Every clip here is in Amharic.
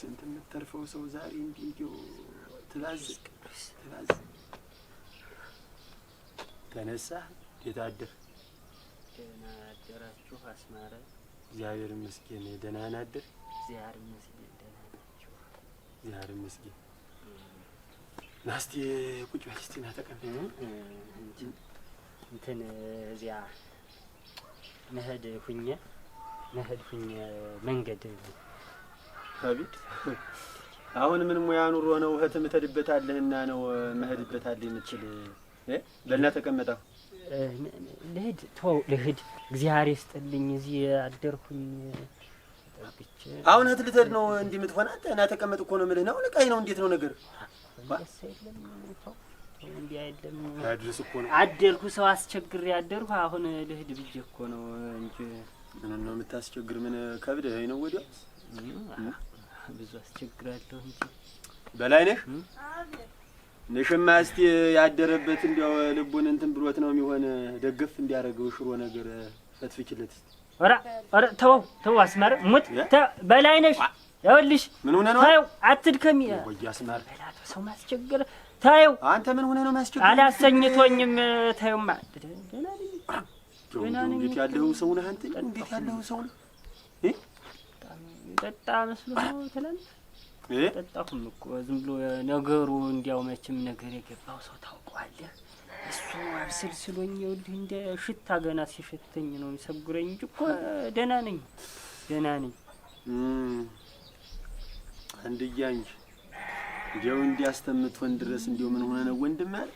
ስንት የምትተርፈው ሰው ዛሬ እንዲህ ትባዝቅ ትባዝቅ። ተነሳህ? እንዴት ደህና አደራችሁ አስማረ? እግዚአብሔር ይመስገን ደህና ናደር። እግዚአብሔር ይመስገን ደህና ናችሁ። እግዚአብሔር ይመስገን። ቁጭ በል ና ተቀመጥ። እንትን እዚያ መሄድ ሁኜ መሄድ ሁኜ መንገድ ከቢድ አሁን ምን ሙያ ኑሮ ነው እህትም ትሄድበታለህና ነው መሄድበታለህ የምትችል ለና ተቀመጠው ልሂድ ተው ልሂድ እግዚአብሔር ይስጥልኝ እዚህ አደርኩኝ አሁን እህት ልትሄድ ነው እንዲህ የምትሆን አንተ እና ተቀመጥ እኮ ነው የምልህ ነው ልቃይ ነው እንዴት ነው ነገር አደርኩ ሰው አስቸግር ያደርኩ አሁን ልሂድ ብዬ እኮ ነው እንጂ ምን ነው የምታስቸግር ምን ከብደህ ነው ወዲያውስ ብዙ አስቸግራለሁ እንጂ በላይነህ ንሽማ እስቲ ያደረበት እንዲያው ልቡን እንትን ብሎት ነው የሚሆን ደግፍ እንዲያደርገው ሽሮ ነገር ፈትፍችለት። ኧረ ኧረ ተው ተው አስማር ሙት በላይ ነሽ ይኸውልሽ፣ ምን ሆነ ነው ታየው፣ አትድከሚ ወይ አስማር፣ ሰው ማስቸገር ታየው። አንተ ምን ሆነ ነው ማስቸገር? አላሰኝቶኝም። ታየውማ ደህና ነኝ። እንዴት ያለው ሰው ነህ አንተ? እንዴት ያለው ሰው ነህ? ጠጣ መስሎ ትላለህ። ጠጣሁም እኮ ዝም ብሎ ነገሩ እንዲያው መቼም ነገር የገባው ሰው ታውቀዋለህ። እሱ አብስልስሎኝ ይኸውልህ እንደ ሽታ ገና ሲሸተኝ ነው የሚሰጉረኝ እንጂ እኮ ደህና ነኝ፣ ደህና ነኝ። አንድያ እንጂ እንዲያው እንዲያስተምጥፈን ድረስ እንዲያው ምን ሆነ ነው ወንድም አለ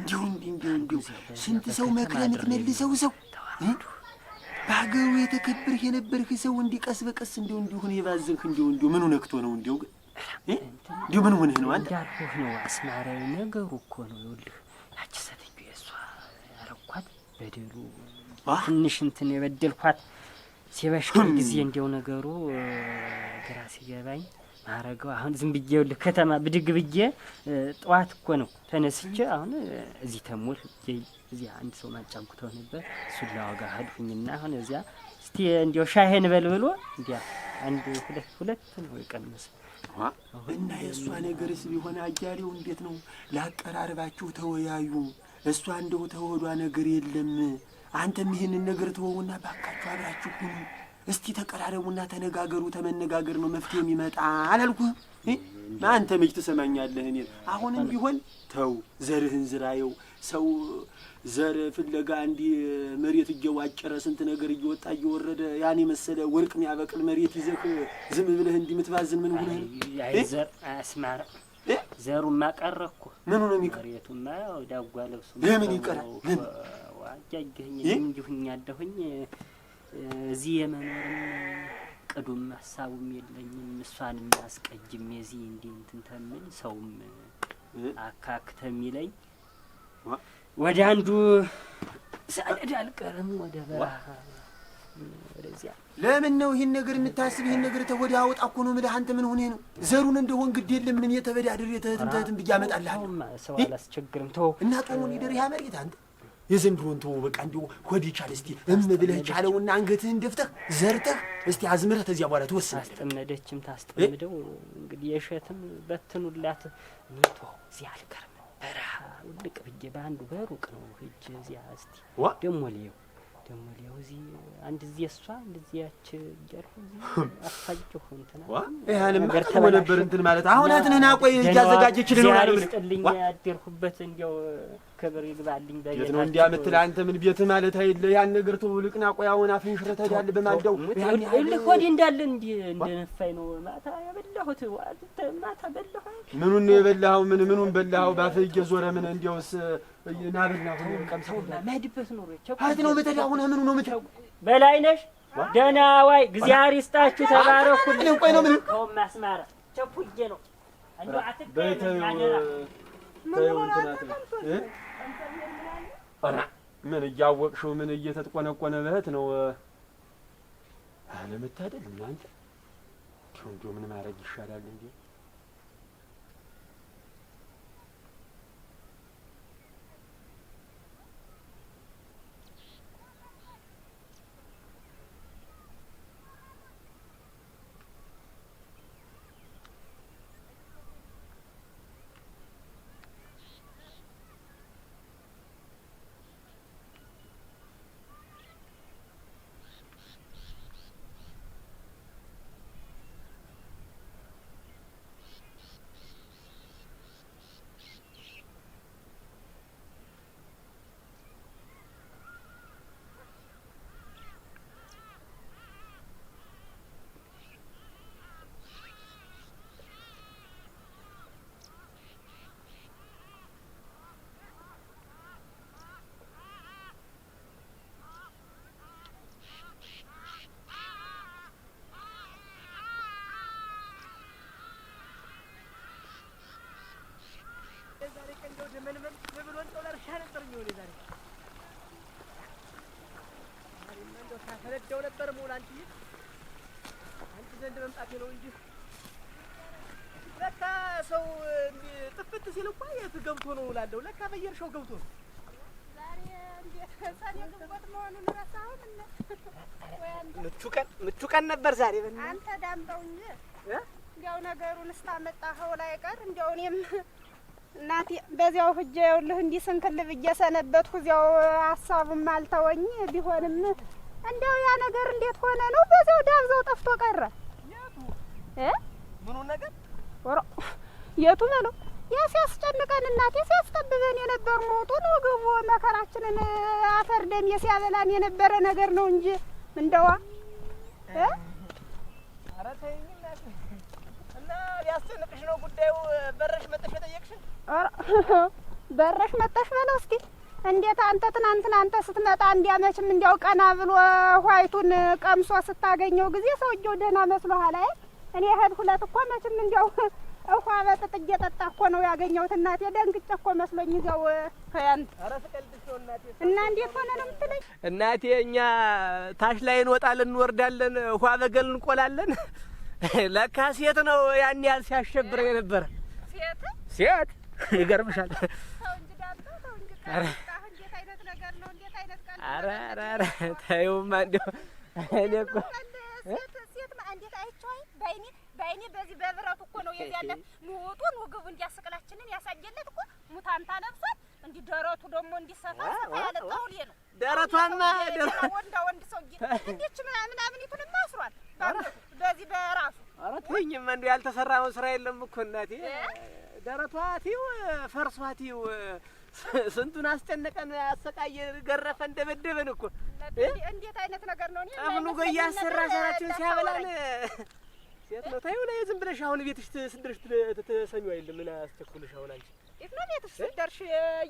እንዲሁ እንዲሁ እንዲሁ ስንት ሰው መክረን ትመልሰው ሰው በሀገሩ የተከበርህ የነበርህ ሰው እንዲህ ቀስ በቀስ እንዲሁ እንዲሁን ሁን የባዘንህ እንዲሁ እንዲሁ ምኑ ነክቶ ነው እንዲሁ ግን እንዲሁ ምን ሆነህ ነው አንተ? እንዳልኩህ ነው አስማረ፣ ነገሩ እኮ ነው። ይኸውልህ ያቺ ሰትዩ የእሷ ያረኳት በደሉ ትንሽ እንትን የበደልኳት ሲበሽ ጊዜ እንዲያው ነገሩ ግራ ሲገባኝ ማረገው አሁን ዝም ብዬ ይኸውልህ ከተማ ብድግ ብዬ ጠዋት እኮ ነው ተነስቼ አሁን እዚህ ተሞል እዚያ አንድ ሰው ማጫጉተው ነበር። እሱን ላዋጋ ሄድኩኝና አሁን እዚያ እስቲ እንዲ ሻይህን በል ብሎ እንዲያ አንድ ሁለት ሁለት ነው የቀነሰ እና የእሷ ነገርስ ቢሆን አያሌው እንዴት ነው ላቀራርባችሁ ተወያዩ። እሷ እንደው ተወዷ ነገር የለም። አንተም ይህንን ነገር ተወውና ባካችሁ አብራችሁ ሁኑ እስቲ ተቀራረቡና ተነጋገሩ። ተመነጋገር ነው መፍትሄ የሚመጣ አላልኩህም? አንተ መች ትሰማኛለህ? እኔ አሁንም ቢሆን ተው፣ ዘርህን ዝራየው። ሰው ዘር ፍለጋ እንዲህ መሬት እየዋጨረ ስንት ነገር እየወጣ እየወረደ ያን የመሰለ ወርቅ የሚያበቅል መሬት ይዘህ ዝም ብለህ እንዲህ የምትባዝን ምን ሆነህ ነው? አስማራ ዘሩማ ቀረ እኮ ምኑ ነው የሚቀር? መሬቱማ ዳጓ ለብሱ ለምን ይቀራል? ምን ዋጃ ይገኝ እንዲሁኝ ያለሁኝ እዚህ የመኖርም ቅዱም ሀሳቡም የለኝም። እሷን አስቀጅም የዚህ እንዲህ እንትን ተምል ሰውም አካክተ የሚለኝ ወደ አንዱ ሳነድ አልቀርም ወደ በረሃ ወደዚያ። ለምን ነው ይህን ነገር የምታስብ? ይህን ነገር ወደ አወጣ እኮ ነው የምልህ። አንተ ምን ሆነህ ነው? ዘሩን እንደሆን ግድ የለም ምንም የተበዳድር የተህትም ተህትም ብዬ አመጣልሃለሁ። ሰው አላስቸግርም። ተው እና ጦሙን ይደር ያመሬት አንተ የዘንድሮን ተወው በቃ እንዲሁ ሆድ ይቻል እስቲ እምብለህ ቻለውና አንገትህን ደፍተህ ዘርተህ እስቲ አዝምረህ ተዚያ በኋላ ትወስናለህ። አስጠመደችም ታስጠምደው እንግዲህ የሸትም በትኑላት ምቶ እዚያ አልከርም በረሃ ውልቅ ብዬ በአንዱ በሩቅ ነው ሂጅ እዚያ እስቲ ደግሞ ልየው ደግሞ ሊያው እዚህ አንድ እዚህ እሷ አንድ እዚህ ያች እያልኩ አፋጭሁ እንትና ይህንም ቀጥሞ ነበር እንትን ማለት አሁን እህትንህን አቆይ እያዘጋጀችል ነው ማለት ይስጥልኝ። ያደርኩበት እንዲያው ክብር ይግባልኝ። ቤት ነው እንዲያ የምትል አንተ ምን ቤት ማለት አይደለ ያን ነገር ተው ልቅና ቆይ አሁን አፍን ሽረት ሄዳል በማዳው ልክ ወዲህ እንዳለ እንዲ እንደነፋኝ ነው ማታ ያበላሁት ማታ በላሁ። ምኑን ነው የበላኸው? ምን ምኑን በላኸው? ባፍህ እየዞረ ምን እንዲያውስ ናብና ሁሉ ደህና ዋይ እግዚአብሔር ይስጣችሁ ቆይ ነው ምን ምን እያወቅሽው ምን እየተጥቆነቆነ በህት ነው አለመታደል እናንተ እንዲሁ ምን ማድረግ ይሻላል እንዴ? አንቺ ዘንድ መምጣቴ ነው እንጂ ለካ ሰው ጥፍት ሲል እኮ የት ገብቶ ነው እላለሁ። ለካ በየእርሻው ገብቶ ነው። ዛሬ እንዴት ነበር ዛሬ። አንተ ዳምጠው እንጂ እንዲያው ነገሩን እስካመጣኸው ላይ ቀር እንዲያው እኔም እናቴ በዚያው ሂጅ ይኸውልህ እንዲህ ስንክል ብዬ ሰነበትኩ። እዚያው ሀሳቡም አልተወኝ ቢሆንም እንደው ያ ነገር እንዴት ሆነ ነው? በዛው ዳብዛው ጠፍቶ ቀረ። የቱ እ ምኑ ነገር ወሮ የቱ ነው? ያ ሲያስጨንቀን እናቴ ሲያስጠብበን የነበር ሞቱ ነው መከራችንን አፈር ደም ሲያበላን የነበረ ነገር ነው እንጂ እንደዋ እ ኧረ ተይኝ እናቴ። እና ነው ጉዳዩ። በረሽ መጠሽ የጠየቅሽን? በረሽ መጠሽ በለው እስኪ እንዴት አንተ ትናንትና አንተ ስትመጣ እንዲያመችም እንዲያው ቀና ብሎ ኋይቱን ቀምሶ ስታገኘው ጊዜ ሰውየው ደህና መስሎሃል? አይ እኔ እህል ሁለት እኮ መችም እንዲያው እኳ በጥጥ እየጠጣ እኮ ነው ያገኘሁት። እናቴ ደንግጬ እኮ መስሎኝ እዚያው ከያንት እና እንዴት ሆነ ነው የምትለኝ? እናቴ እኛ ታች ላይ እንወጣለን እንወርዳለን፣ እኳ በገል እንቆላለን። ለካ ሴት ነው ያን ያህል ሲያሸብረኝ የነበረ ሴት ሴት ይገርምሻል። ኧረ ኧረ ኧረ ተይውማ እንደው እኔ እኮ ሴትማ በዚህ በብረቱ እኮ ነው የዚያለት ንውጡ ንውግቡ እንዲያስቅላችንን ያሳየለት እኮ ሙታንታ ለብሷል። እንዲህ ደረቱ ደግሞ እንዲሰፋ ያለ ጠውሌ ነው ደረቷማ ወንዳ ወንድ ሰው እንዲች ምናምናምኒቱንም አስሯል በዚህ በራሱ ኧረ ተይኝማ ያልተሰራ ነው ስራ የለም እኮ እናቴ ደረቷቲው ፈርሷቲው ስንቱን አስጨነቀን፣ አሰቃየ፣ ገረፈ፣ እንደበደበን እኮ እንዴት አይነት ነገር ነው? እኔ አሁኑ ገ እያሰራ ሰራችን ሲያበላን ሴት ነው። ታዩ ላይ ዝም ብለሽ አሁን ቤትሽ ስደርሽ ተሰኙ አይደለም። ምን አስቸኩልሽ አሁን አንቺ የት ነው ቤትሽ ስደርሽ?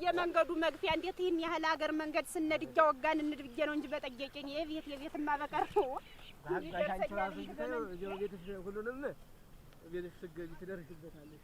የመንገዱ መግፊያ እንዴት ይህን ያህል ሀገር መንገድ ስነድ እያወጋን እንድ ነው እንጂ በጠየቀኝ የቤት የቤትማ በቀር ነው ቤትሽ ሁሉንም ቤትሽ ስገቢ ትደርሽበታለሽ።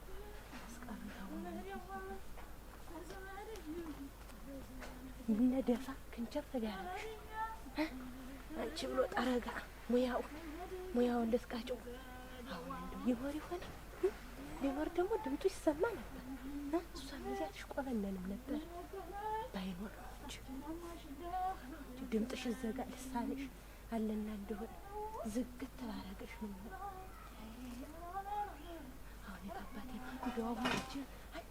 ይህን ደፋ ክንቸር ተጋረሽ አንቺ ብሎ ጠረጋ ሙያው ሙያውን ልትቃጭው አሁን እንደው ይወር ይሆነ ቢኖር ደግሞ ድምጡ ይሰማ ነበር። እሷም እዚያ ትሽቆበለንም ነበር ባይኖር ነው ድምጥሽ ዘጋ ልሳንሽ አለና እንደሆነ ዝግት ተባረገሽ ምን ነው አሁን የታባቴ እንደው አሁን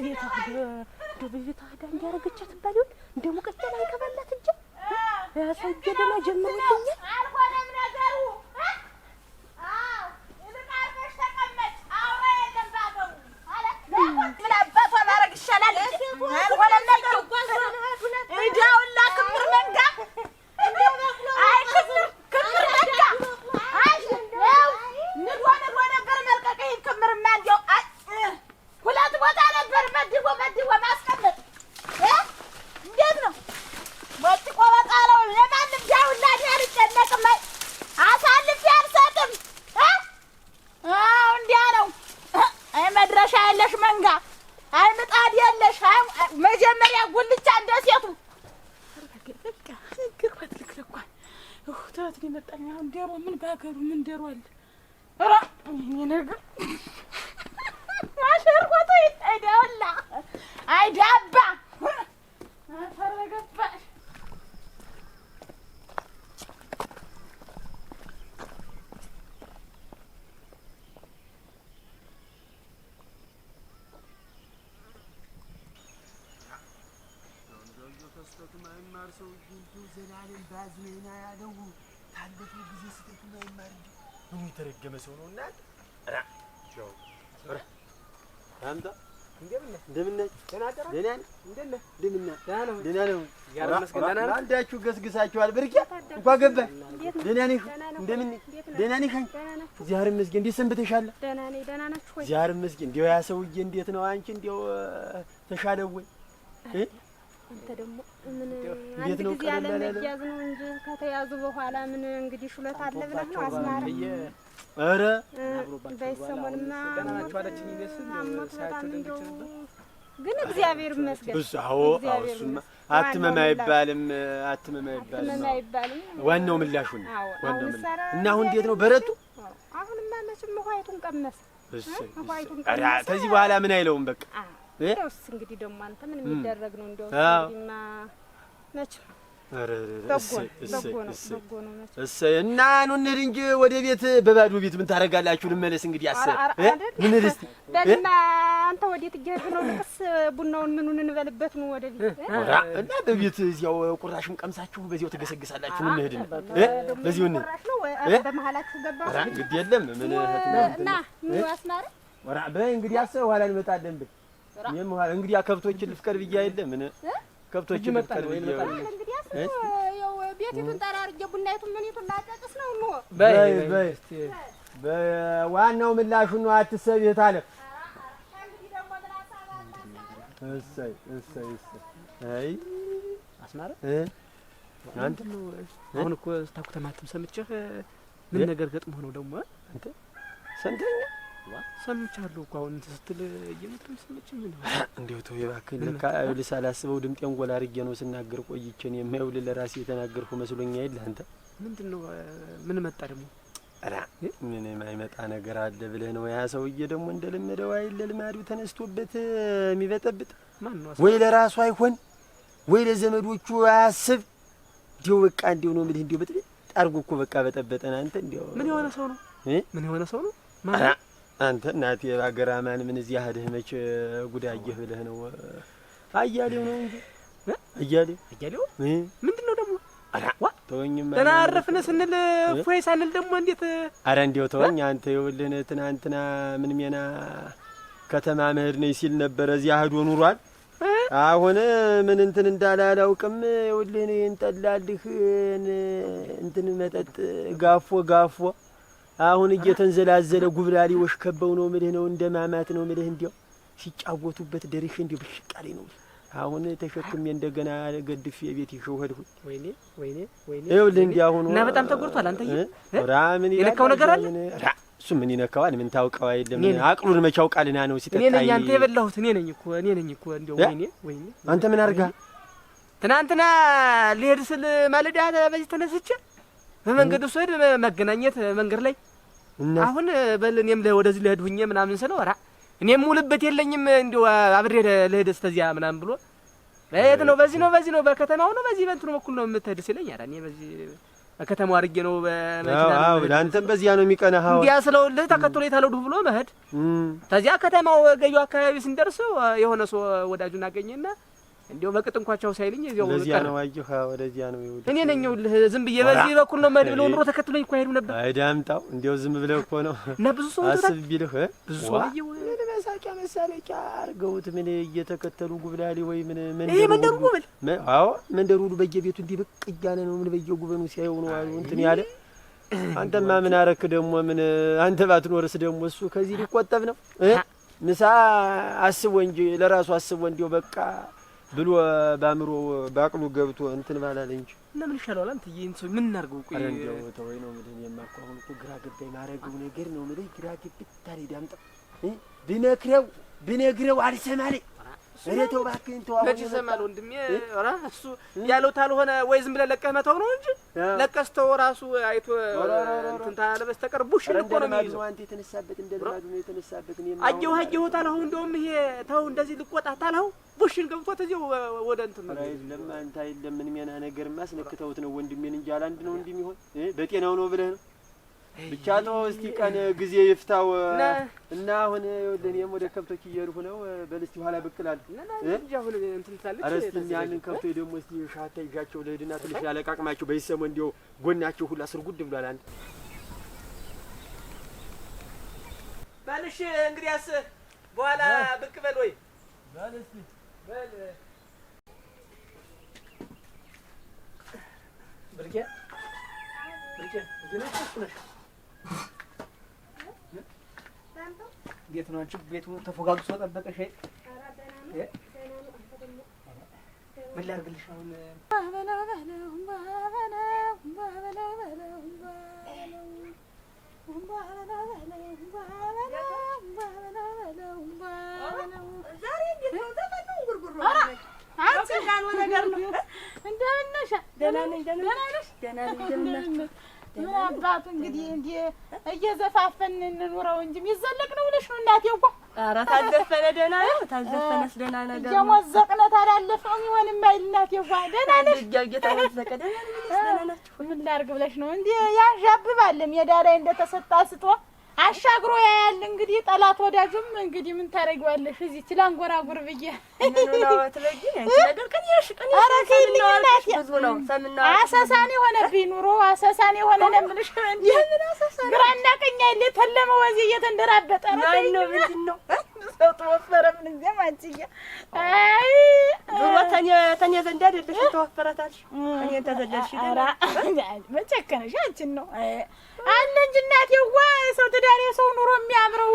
በቤታ እንደ በቤታ ሄዳ እንዲያረገቻት ባል እንደ ሙቀት ላይ እንጂ ሰገደና ጀምሮ ሰውዬው እንደው ዘና አለን በአዝሜና ያለው ታለፈው ጊዜ ስህተቱን አይማር እንጂ የተረገመ ሰው ነው። እናት አምጣ አንዳችሁ ገስግሳችኋል። ብርቄ እንኳን ገባሽ። ደህና ነሽ? እንደምን ደህና ነሽ? እግዚአብሔር ይመስገን። እንዴት ሰንብተሻል? እግዚአብሔር ይመስገን። እንዲያው ያ ሰውዬ እንዴት ነው? አንቺ እንዲያው ተሻለው ወይ? አንተ ደግሞ ምን እንዴት ነው ቀለለ ነው እንጂ ከተያዙ በኋላ ምን እንግዲህ ሹለት አለ ብለህ ነው ግን እግዚአብሔር ይመስገን። አትመም አይባልም፣ አትመም አይባልም። ዋናው ምላሹ ነው። ዋናው እና አሁን እንዴት ነው በረቱ? አሁንማ መቼም ውሀይቱን ከዚህ በኋላ ምን አይለውም። በቃ እንግዲህ ደግሞ አንተ ምን የሚደረግ ነው እንደው መቼም እሰይ እና ኑ እንሂድ እንጂ ወደ ቤት በባዶ ቤት ምን ታደርጋላችሁ? ልመለስ እንግዲህ አሰብ ምን ልስ በልማ አንተ ወዴት እየሄድክ ነው? ልቅስ ቡናውን ምኑን እንበልበት ነው ወደ ቤት እና በቤት እዚያው ቁራሽም ቀምሳችሁ በዚያው ትገሰግሳላችሁ። ምን እንሂድ በዚሁ እንሂድ በመሀላችሁ ገባ ግድ የለም ምን እና ምን አስማረ በይ እንግዲህ አሰብ ኋላ እንመጣለን። ብን ይህም ኋላ እንግዲህ ከብቶችን ልፍቀድ ብያ የለ ምን ከብቶች መጣ ወይ መጣል ያው ቤቲቱን ጠራ ቡናይቱን ምኒቱን ላጨቅስ ነው ነው በይ በይ እስቲ በዋናው ምላሹ ነው። አትሰብ ይታለ እሰይ እሰይ እሰይ አስማረ አንተ ነው አሁን እኮ ስታኩተማትም ሰምቼህ ምን ነገር ገጥሞ ነው ደግሞ አንተ ሰምተኸኛል ሰምቻለሁ እኮ አሁን እንትን ስትል እየመጣ ሰምች ምን እንዲሁ ተው እባክህ። ለካ ይኸውልህ ሳላስበው ድምጤን ጎላ አድርጌ ነው ስናገር ቆይቼን የማይውልህ ለራሴ የተናገርኩ መስሎኛ የለ አንተ ምንድን ነው ምን መጣ ደግሞ? ኧረ ምን የማይመጣ ነገር አለ ብለህ ነው? ያ ሰውዬ ደግሞ እንደ ለመደው አይደል ለልማዱ ተነስቶበት የሚበጠብጥ ወይ ለራሱ አይሆን ወይ ለዘመዶቹ አያስብ። እንዲሁ በቃ እንዲሁ ነው የምልህ። እንዲሁ በጥጥ አድርጎ እኮ በቃ በጠበጠን። አንተ እንዲሁ ምን የሆነ ሰው ነው? ምን የሆነ ሰው ነው? አንተ እናቴ ባገራማን ምን እዚህ ያህልህ መቼ ጉዳየህ ብለህ ነው? አያሌው ነው እንጂ አያሌው አያሌው ምንድን ነው ደግሞ? አራዋ ተወኝማ ደህና አረፍነ ስንል እፎይ ሳንል ደግሞ እንዴት? አረ እንዲው ተወኝ አንተ ይኸውልህን ትናንትና ምን ሜና ከተማ መህድ ነኝ ሲል ነበረ እዚህ አህዶ ኑሯል። አሁን ምን እንትን እንዳለ አላውቅም። ይኸውልህን እንጠላልህ እንትን መጠጥ ጋፎ ጋፎ አሁን እየተንዘላዘለ ጉብላሊ ከበው ነው ምልህ ነው እንደ ማማት ነው ምልህ እንዲያው ሲጫወቱበት ደርሼ እንዲ ብሽቃሌ ነው አሁን ተሸክሜ እንደገና ገድፍ የቤት ይሸው ሁ ወይኔ ወይኔ ወይኔ ይኸውልህ እንዲህ አሁን እና በጣም ተጎድቷል። አንተዬ ራ የነካው ነገር አለ? እሱ ምን ይነካዋል? ምን ታውቀው? አይደለም አቅሉን መቼ አውቃልና ነው ሲጠጣ። እኔ ነኝ አንተ የበላሁት እኔ ነኝ እኮ እኔ ነኝ እኮ እንደው ወይኔ ወይኔ። አንተ ምን አድርጋ ትናንትና ልሄድ ስል ማለዳ በዚህ ተነስቼ በመንገዱ ስሄድ መገናኘት መንገድ ላይ አሁን በል እኔም ወደዚህ ልሄድ ሁኜ ምናምን ስለው ኧረ እኔም ሙልበት የለኝም እንዲሁ አብሬ ልሄድ እስከዚያ ምናምን ብሎ በየት ነው በዚህ ነው በዚህ ነው በከተማው ነው በዚህ በእንትኑ በኩል ነው የምትሄድ ሲለኝ ኧረ እኔ በዚህ በከተማው አድርጌ ነው በመኪና አንተም በዚያ ነው የሚቀናህ እንዲያ ስለውልህ ተከትሎ የታለዱ ብሎ መሄድ ተዚያ ከተማው ገዩ አካባቢ ስንደርስ የሆነ ሰው ወዳጁን አገኘና እንዲያው በቅጥ እንኳቸው ሳይልኝ እዚያው ወደዚያ ነው አየሁ፣ ወደዚያ ነው ይሁን። እኔ ነኝ ይኸውልህ፣ ዝም ብዬ በዚህ በኩል ነው መድ ብለው ኑሮ ተከትሎኝ እኮ አይሄድም ነበር። አይዳምጣው እንዲያው ዝም ብለው እኮ ነው እና ብዙ ሰው አስብ ቢልህ ብዙ ሰው ይው ምን መሳቂያ መሳለቂያ አርገውት ምን እየተከተሉ ጉብላሊ ወይ ምን ምን ይሄ መንደሩ ጉብል አዎ፣ መንደሩ ሁሉ በየቤቱ እንዲህ ብቅ እያለ ነው። ምን በየጉበኑ ሲያየው ነው አሉ እንትን ያለ አንተማ ምን አረክ ደግሞ? ምን አንተ ባትኖርስ ደግሞ እሱ ከዚህ ሊቆጠብ ነው ምሳ አስቦ እንጂ ለራሱ አስቦ እንዲያው በቃ ብሎ በአእምሮ በአቅሉ ገብቶ እንትን ባላል እንጂ እና ምን ይሻለዋል? አንተ ይህን ሰው ምን እናርገው? ቆይ እንደው ተወይ ነው ምድን እኔማ እኮ አሁን እኮ ግራ ገባኝ። ማረገው ነገር ነው ምድን ግራ ገብ ታሪ ዳምጣ ብመክረው ብነግረው አልሰማለኝ እኔ ተው ወንድሜ? ኧረ እሱ ያለው ታልሆነ ወይ ዝም ብለህ ለቀህ መተው ነው እንጂ ለቀህ ስተው አይቶ እንትን ታለ በስተቀር ቡሽን እኮ ነው የሚይዘው። አንተ የተነሳበት እንደውም ይሄ ተው እንደዚህ ልቆጣ ታልኸው ቡሽን ገብቶት እዚያው ወደ እንትን ነው። የለም አንተ ነው ወንድሜን እንጂ አላንድ ነው እንዲህ የሚሆን በጤናው ነው ብለህ ነው ብቻ ተው እስቲ ቀን ጊዜ ይፍታው እና አሁን ወደኔም ወደ ከብቶች እየሄድኩ ነው። በልስቲ እስቲ ኋላ ብቅ እላለሁ። ኧረ እስቲ ያንን ከብቶ ደግሞ እስቲ ሻታ ይዣቸው ልሂድና ትንሽ ያለቃቅማቸው በይሰሙ እንዲያው ጎናቸው ሁላ ስርጉድ ብሏል። አንድ ባልሽ እንግዲያስ በኋላ ብቅ በል ወይ በል እስቲ በል ብርቄ ብርቄ እዚህ ነሽ እንዴት አንቺ? ቤቱ ተፎጋግሶ ጠበቀሽ? ምን ላድርግልሽ አሁን? ነገር ነው። እንደምን ነሽ? ደህና ነሽ? ደህና ነሽ? ደህና ነሽ? ምን አባቱ እንግዲህ እንዲህ እየዘፋፈን እንኑረው እንጂ የሚዘለቅ ነው ብለሽ ነው እናቴ? እንኳ ኧረ ታዘፈነ ደህና ነው ታዘፈነስ ደህና ነው ደግሞ እየሞዘቅነ ታላለፍ የሚሆን የማይል እናቴ። እንኳ ደህና ነሽ እየተሞዘቀ ደህና ነሽ ምን ላድርግ ብለሽ ነው እንዲህ ያዣብባል። ሜዳ ላይ እንደተሰጣ ስጦ አሻግሮ ያያል። እንግዲህ ጠላት ወዳጁም እንግዲህ ምን ታደርጊዋለሽ? እዚህ ችላንጎራጉር ብዬ አሰሳን የሆነብኝ ኑሮ አሰሳን የሆነ ነው የምልሽ። ግራና ቀኝ አይደል የፈለመ ወዜ እየተንደራበጠ ተወፈረ። ምን ጊዜም አንቺዬ፣ አይ ኑሮ ተኔ ዘንድ አይደለሽ ተወፈረታል። እኔን ተዘለልሽ መቸከነሽ አንቺን ነው አለ እንጂ እናቴዋ፣ የሰው ትዳር የሰው ኑሮ የሚያምረው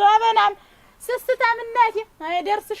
ገበናም ስስታም እናቴ አይደርስሽ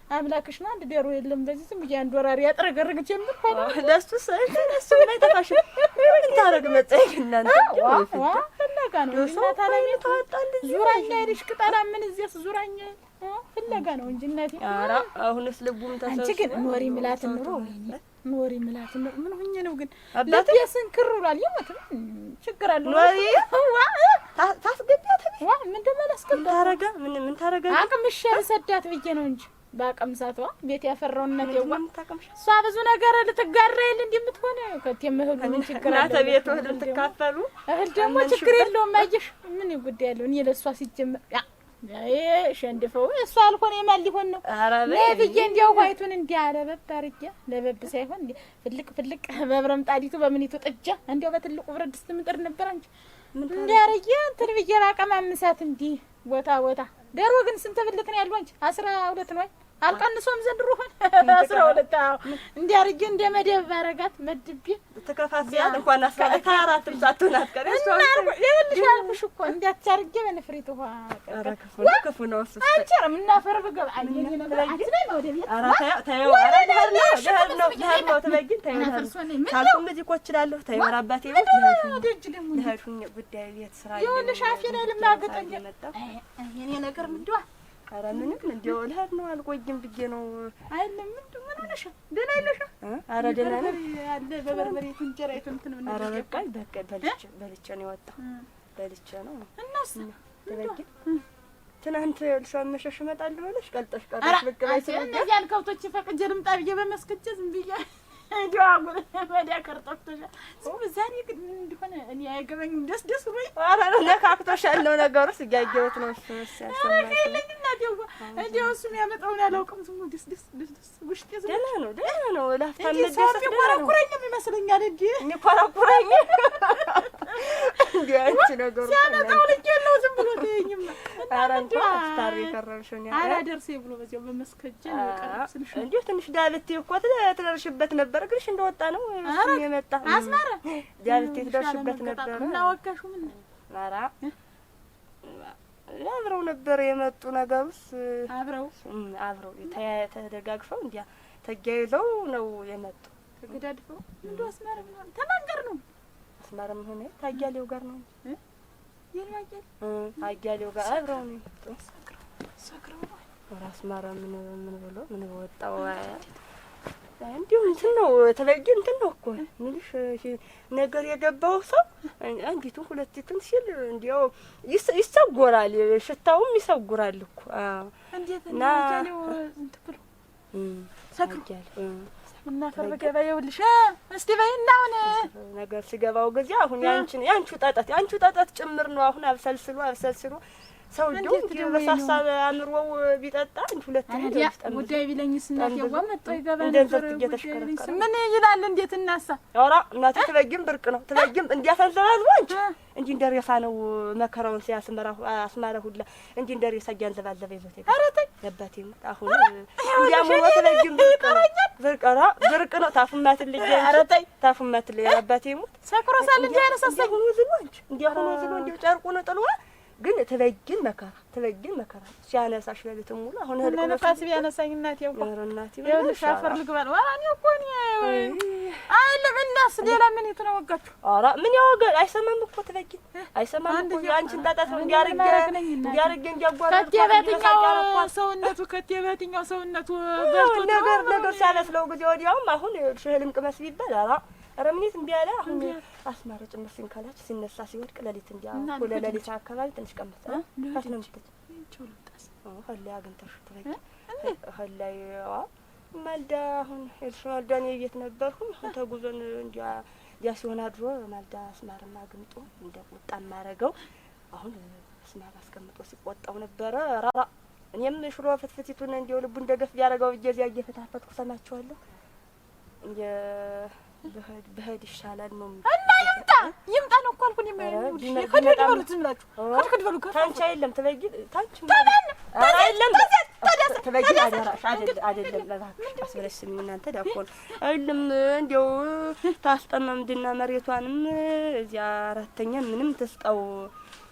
አምላክሽ ነው። አንድ ዶሮ የለም። በዚህ ዝም ብዬ አንድ ወራሪ ያጥረገርግ ጀምር ሆነ ለሱ ሰይፍ ለሱ ማይጠፋሽ እንታረግ መጠየቅ እናንተ ፍለጋ ነው። እናት አለሜ ተዋጣል ዙራኛ አይደሽ ቅጠላ ምን እዚያስ ዙራኛ ፍለጋ ነው እንጂ እናቴ። ኧረ አሁንስ ልቡም ተሰብስ አንቺ ግን ኖሪ ምላት ኑሮ ኖሪ ምላት ኑሮ ምን ሆኜ ነው ግን አባቴ ያስንክር ብሏል። ይሞት ችግር አለ ኖሪ ታስገቢያት ዋ ምን ደመላስከብ ታረጋ ምን ምን ታረጋ አቅምሽ ሰዳት ብዬ ነው እንጂ በአቅም ባቀምሳቷ ቤት ያፈራውነት የዋ እሷ ብዙ ነገር ልትጋራ የለ እንደምትሆነ ከት የምህሉ ምን ችግር አለ? ተቤቱ እህል ልትካፈሉ እህል ደግሞ ችግር የለውም። አየሽ ምን ጉዳይ ያለው እኔ ለእሷ ሲጀምር ይሄ ሸንድፈው እሷ አልሆን የማን ሊሆን ነው ብዬ እንዲያው ኋይቱን እንዲ ለበብ አርጌ ለበብ ሳይሆን ፍልቅ ፍልቅ በብረም ጣዲቱ በምኒቱ ጥጃ እንዲያው በትልቁ ብረት ድስት ምጥር ነበር አንቺ እንዲያርዬ እንትን ብዬ ባቀማምሳት እንዲህ ቦታ ቦታ ደሮ ግን ስንት ብልት ነው ያሉ አንቺ አስራ ሁለት ነው። አልቀንሶም ዘንድሮ ሆነ አስራ ሁለት አዎ እንዲህ አድርጌ እንደ መደብ ባረጋት መድቤ ተከፋፍያት እንኳን አስካለታ አራትም ሳትሆን አትቀርም። ይኸውልሽ አልኩሽ እኮ እንዲያች አድርጌ በንፍሪት ውሃ ክፉ ነው እሱ አንቸርም እና ፈርብ ገብ ጉዳይ ቤት ስራ ይኸውልሽ አፌን ልማገጠኝ የኔ ነገር ኧረ ምንም እንደው ልሄድ ነው አልቆይም ብዬ ነው። አይለም ምን ምን ሆነሽ? ደህና አይለሽም? ኧረ ደህና ነኝ። አለ በበርበሬ እንጀራ እንትን ምን ኧረ በቃ በቃ በልቼ በልቼ ነው የወጣሁ በልቼ ነው። እናስ ተበቂ ትናንት ልሽ አመሸሽ እመጣለሁ ብለሽ ቀልጠሽ ቀልጠሽ በቃ ባይ ሰው ያልከውቶች ፈቅጄ ልምጣ ብዬ በመስከጀ ዝም ብዬ ደስ ደስ ብሎኝ ነው ነገሩ። ስጋጌወት ነው እንደው ነው ደህና ነው። ላፍታም ደስ ይቆረቁረኝም ይመስለኛል። ነገሩ እንዲሁ ትንሽ ዳልቴ እኮ ትደርሽበት ነበር፣ እግርሽ እንደወጣ ነው የመጣ አስመረ ዳልቴ ትደርሽበት ነበር። ኧረ አብረው ነበር የመጡ ነገሩስ አብረው አብረው ተደጋግፈው እንዲያ ተያይዘው ነው የመጡ። ተገዳድፈው እንደው አስመረ ተማን ጋር ነው? አስመረም ሆነ ታያሌው ጋር ነው። አያሌው ጋር አብረው ነው ራስ ማራ ምን ምን ብሎ ምን ወጣው እንዲሁ እንትን ነው ተለያየ እንትን ነው እኮ ምልሽ ነገር የገባው ሰው አንዲቱን ሁለቲቱን ሲል እንዲያው ይሰጉራል፣ ሽታውም ይሰጉራል እኮ እና እና ገባ እስቲ በይ ነገር ሲገባው ጊዜ አሁን ያንቺ ያንቺ ጠጠት ያንቺ ጠጠት ጭምር ነው። አሁን አብሰልስሉ አብሰልስሉ ሰውዬው እንግዲህ በሳሳበ አእምሮው ቢጠጣ አንድ ሁለት ጉዳይ ቢለኝስ እናቴ ዋ መጣ ይገባ ነበር። ምን ይላል? እንዴት እናሳ ኧረ እናቴ ትበጊም ብርቅ ነው ትበጊም እንዲያሰንዘራዝ አንቺ እንጂ እንደ ሬሳ ነው መከራውን ሲያስመራ አስማራ ሁላ እንጂ እንደ ሬሳ እያንዘባዘበ ይዞት ነባቴ አሁን እንዲያምሮ ትበጊም ብርቅ ነው ብርቅ ኧረ ብርቅ ነው ታፉማት ልጅ አረጠይ ታፉማት ሙት ሰክሮሳል እንዲያነሳሳኝ ዝሎ አንቺ እንዲያሁኑ ዝሎ እንዲሁ ጨርቁ ነው ግን ትበይን መከራ ትበይን መከራ ሲያነሳሽ ለሊትም ሙሉ አሁን ሁሉ ነፋስ ቢያነሳኝ እናቴ እንኳን ኧረ እናቴ ይኸውልሽ አፈር ልግባ ነው። ኧረ እኔ እኮ እኔ አይልም እናስ ሌላ ምን የተነወጋችሁ? ኧረ ምን ያወገ አይሰማም እኮ ትበይን አይሰማም እኮ አንቺን ጣጣት ነው እንዲያርገ እንዲያርገ እንዲያጓራ በትኛው ሰውነቱ ከቴ በትኛው ሰውነቱ በልቶ ነገር ነገር ሲያነስለው ጊዜ ወዲያውም አሁን ሽህልም ቅመስ ቢባል ኧረ ኧረ ምኔት እምቢ አለ። አሁን አስማረ ጭምር ሲንከላች ሲነሳ ሲወድቅ ለሊት እንዲያ ሁለ ለሊት አካባቢ ትንሽ ቀመጠ ሀላይ አግኝተሽ ትበቂ ሀላይ ማልዳ አሁን ኤልሽ ማልዳ እኔ ቤት ነበርኩ። አሁን ተጉዞን እንዲያ ያ ሲሆን አድሮ ማልዳ አስማርም አግምጦ እንደ ቁጣ ማረገው አሁን አስማር አስቀምጦ ሲቆጣው ነበረ። ራራ እኔም ሽሮ ፍትፍቲቱን እንዲው ልቡ እንደ ገፍ ቢያረገው ብዬ እዚያ እየፈታፈትኩ ሰማችኋለሁ ብሄድ ይሻላል ነው እና ይምጣ ይምጣ ነው እኮ አልኩኝ። እንዲያው ታስጠመምድና መሬቷንም እዚያ አራተኛ ምንም ትስጠው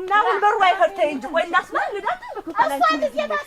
እና አሁን በሩ አይፈር ተይ እንጂ ቆይ እንዳስማል ልዳት እሷን እዚህ